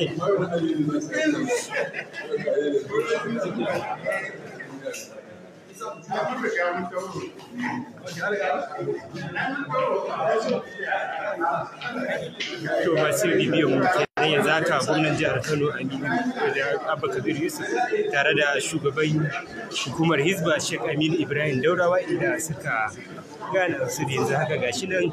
To masu bibiyo gwamnan jihar Kano Aminu da Abba Kabir Yusuf tare da shugaban hukumar Hizba Sheikh Aminu Ibrahim Daurawa inda suka gana su yanzu haka gashi nan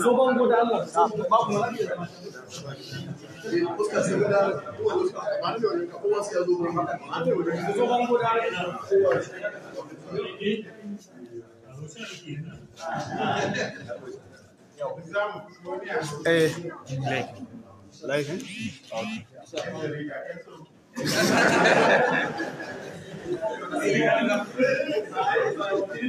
zo bango da Allah babu zo bango da Allah eh like like okay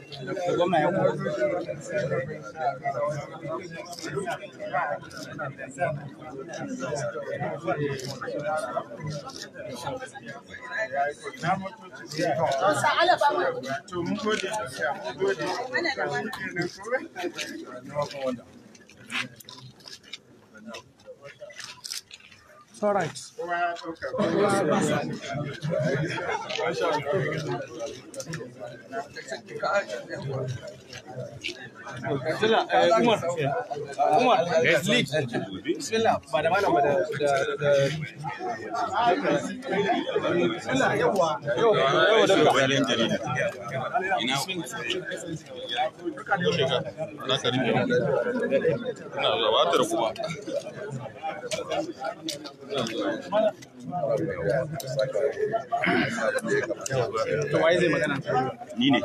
goma ya kuma to mun gode mun gode All right. Let's leave. Bismillah. By the man of the. Bismillah. Yawa. Yawa. Bismillah. Ina. Ina. Ina. Ni ne.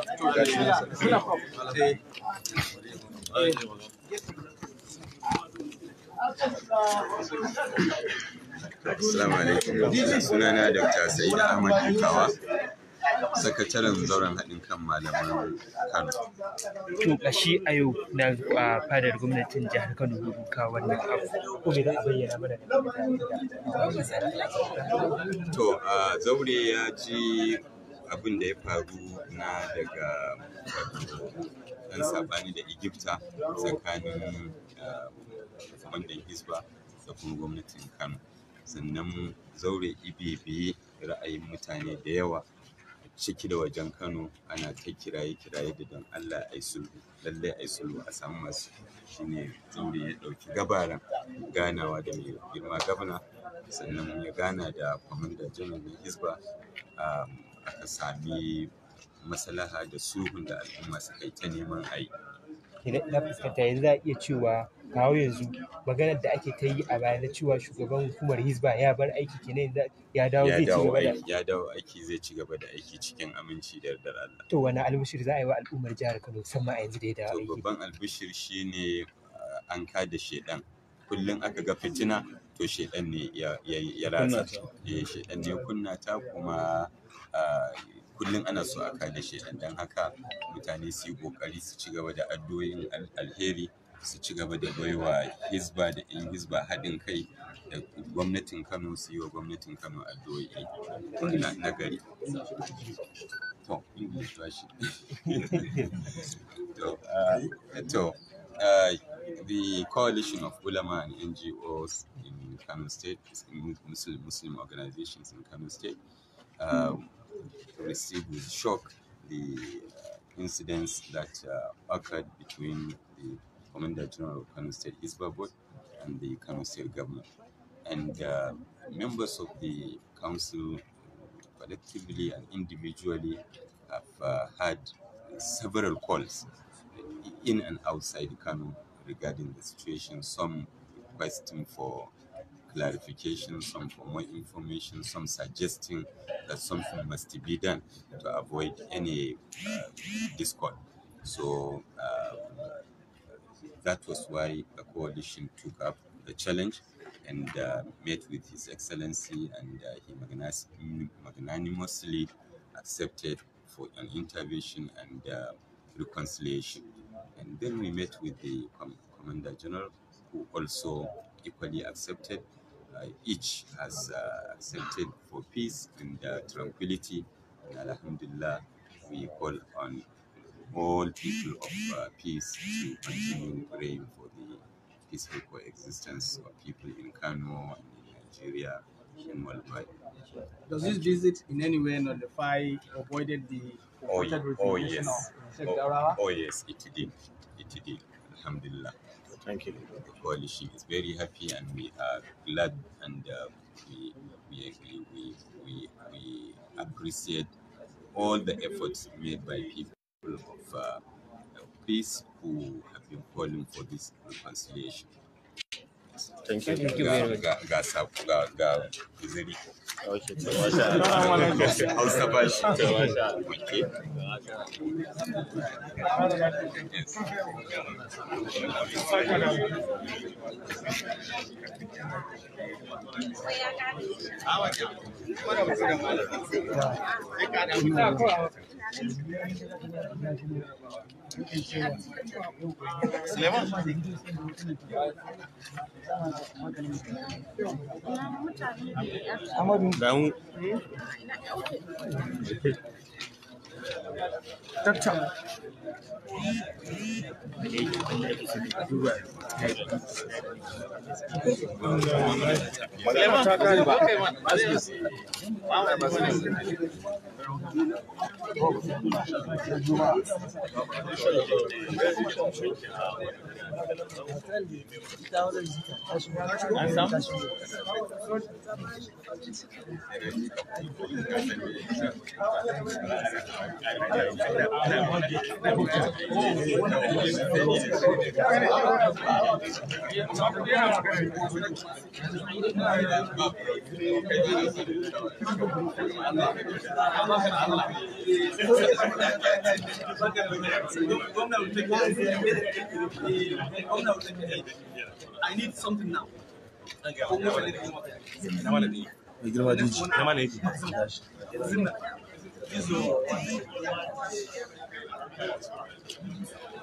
Assalamu alaikum. Sunana Dr. Sa'id Ahmad Kawa. sakataren zauren haɗin kan malaman Kano. To shi a yau na fadar gwamnatin jihar Kano ka wannan abu. Ko da bayyana mana To a zaure ya ji abin da ya faru na daga ɗan sabani da Egypta tsakanin bandan Hisba da kuma gwamnatin Kano. Sannan zaure ibebe ra'ayin mutane da yawa ciki da wajen Kano ana ta kiraye-kiraye da don Allah ai sulhu lallai ai sulhu a samu masu shine ne ya ɗauki gabaran ganawa da mai girma gabana sannan ya gana da kwamanda janar na Hisba um, aka sami maslaha da suhun da al'umma suka yi ta neman a yi. Idan za a iya cewa kawo yanzu maganar da ake ta yi a baya na cewa shugaban hukumar hizba ya bar aiki kenan ya dawo zai ci gaba da ya dawo aiki zai ci gaba da aiki cikin aminci da yardar Allah to wani albishir za a yi wa al'ummar jihar Kano musamman a yanzu da ya dawo aiki to babban albishir shine uh, an kada shedan kullum aka ga fitina to shedan ne ya ratsa eh shedan ne kunna ta kuma uh, kullum ana so a kada shedan dan haka mutane su yi kokari su ci gaba da addu'o'in alheri su ci gaba da baiwa hizba hizba kai da gwamnatin kano su yi wa gwamnatin kano addu'o'i na to to uh, uh, the coalition of ulama and ngos in kano state muslim, muslim organizations in kano state uh, received with shock the uh, incidents that occurred between the Commander General of Kano State Hisba and the Kano State Government, And uh, members of the council uh, collectively and individually have uh, had several calls in and outside Kano regarding the situation, some requesting for clarification, some for more information, some suggesting that something must be done to avoid any uh, discord. So uh, that was why the coalition took up the challenge and uh, met with His Excellency, and uh, he magnanimously accepted for an intervention and uh, reconciliation. And then we met with the Com Commander General, who also equally accepted. Uh, each has uh, accepted for peace and uh, tranquility. And Alhamdulillah, we call on all people of uh, peace to continue praying for the peaceful coexistence of people in Kano and in Nigeria and worldwide. Does this visit in any way notify or the oh, oh yes. oh, oh, yes, it did. It did. Alhamdulillah. Thank you. The coalition is very happy and we are glad and uh, we, we, we, we, we appreciate all the efforts made by people people of uh, peace who have been calling for this reconciliation. Thank you. Thank you very much. Suleiman? Amadu. Damu. Tattara. Magana ta kare ba. Thank you. I need something now.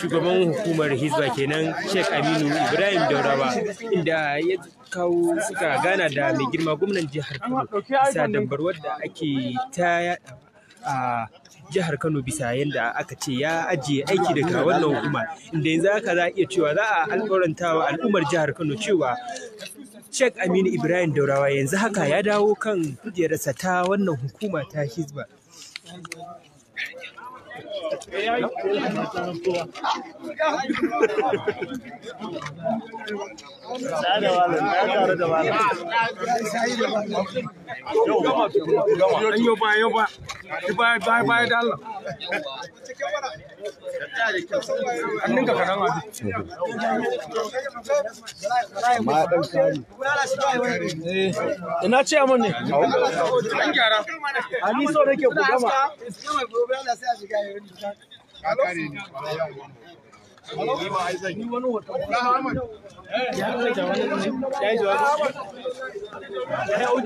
Shugaban hukumar Hizba kenan Sheikh Aminu Ibrahim Daurawa, inda ya kawo suka gana da mai girma gwamnan jihar Kano bisa dambar wadda ake ta a jihar Kano bisa yadda aka ce ya ajiye aiki daga wannan hukuma inda yanzu haka za iya cewa za a alkawarantawa al'ummar jihar Kano cewa Sheikh Aminu Ibrahim Daurawa yanzu haka ya dawo kan kujerarsa ta wannan hukuma ta Hizba. Ina ce mun ne? An gyara. Ani so nake ku gama. Jai Jai